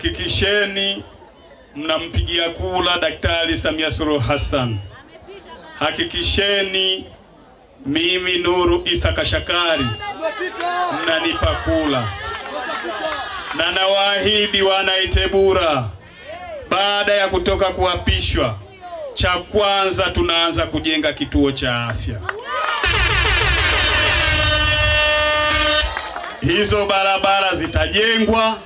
hakikisheni mnampigia kula Daktari Samia Suluhu Hassan. Hakikisheni mimi Nuru Isa Kashakari mnanipa kula, na nawaahidi wana Itebura, baada ya kutoka kuapishwa, cha kwanza tunaanza kujenga kituo cha afya. Hizo barabara zitajengwa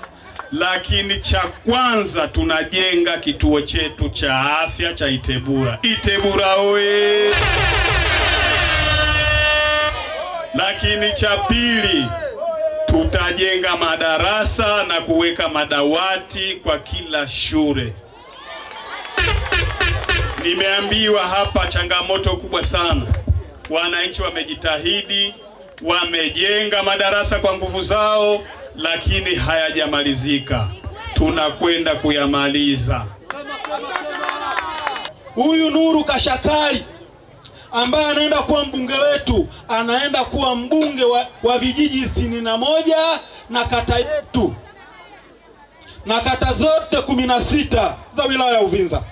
lakini cha kwanza tunajenga kituo chetu cha afya cha Itebura. Itebura oye! Lakini cha pili tutajenga madarasa na kuweka madawati kwa kila shule. Nimeambiwa hapa changamoto kubwa sana. Wananchi wamejitahidi, wamejenga madarasa kwa nguvu zao lakini hayajamalizika, tunakwenda kuyamaliza. Huyu Nuru Kashakari ambaye anaenda kuwa mbunge wetu, anaenda kuwa mbunge wa, wa vijiji sitini na moja na kata yetu na kata zote kumi na sita za wilaya ya Uvinza.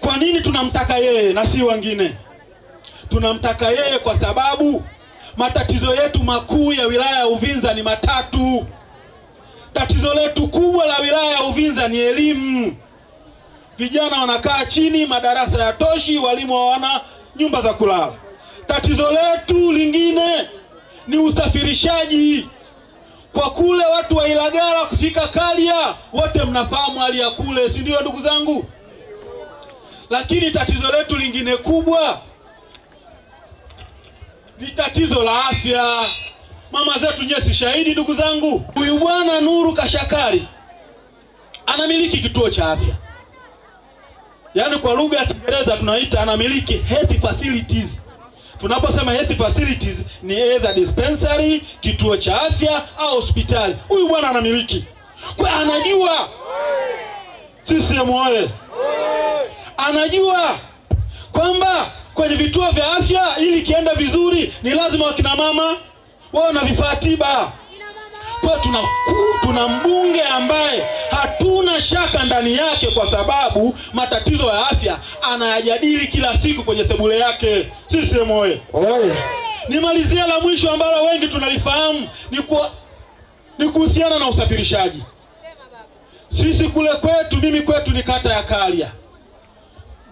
Kwa nini tunamtaka yeye na si wengine? Tunamtaka yeye kwa sababu Matatizo yetu makuu ya wilaya ya Uvinza ni matatu. Tatizo letu kubwa la wilaya ya Uvinza ni elimu. Vijana wanakaa chini, madarasa ya toshi, walimu hawana nyumba za kulala. Tatizo letu lingine ni usafirishaji kwa kule watu wa Ilagala kufika Kalia, wote mnafahamu hali ya kule, si ndio ndugu zangu? Lakini tatizo letu lingine kubwa ni tatizo la afya. Mama zetu nyewe si shahidi, ndugu zangu. Huyu bwana Nuru Kashakari anamiliki kituo cha afya, yaani kwa lugha ya Kiingereza tunaita anamiliki health facilities. Tunaposema health facilities ni either dispensary, kituo cha afya au hospitali. Huyu bwana anamiliki kwa, anajua sisi oye anajua kwamba kwenye vituo vya afya ili kienda vizuri, ni lazima wakina mama wao na vifaa tiba. Kwa tuna, tuna mbunge ambaye hatuna shaka ndani yake, kwa sababu matatizo ya afya anayajadili kila siku kwenye sebule yake. Sisi moye nimalizia la mwisho ambalo wengi tunalifahamu ni kwa, ni kuhusiana na usafirishaji. Sisi kule kwetu, mimi kwetu ni kata ya Kalya.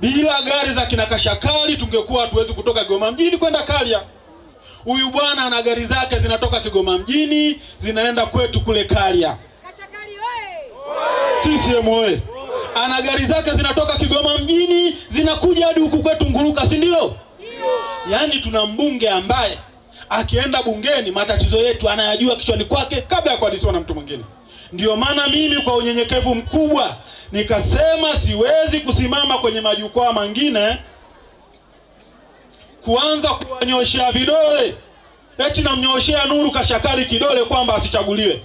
Bila gari za kina Kashakali tungekuwa hatuwezi kutoka Kigoma mjini kwenda Kalya. Huyu bwana ana gari zake zinatoka Kigoma mjini zinaenda kwetu kule Kalya. CCM oye! Ana gari zake zinatoka Kigoma mjini zinakuja hadi huku kwetu Nguruka, si ndio? Yaani tuna mbunge ambaye akienda bungeni matatizo yetu anayajua kichwani kwake kabla ya kuadisiwa na mtu mwingine. Ndiyo maana mimi kwa unyenyekevu mkubwa nikasema siwezi kusimama kwenye majukwaa mengine kuanza kuwanyoshea vidole eti namnyoshea Nuru kashakari kidole kwamba asichaguliwe.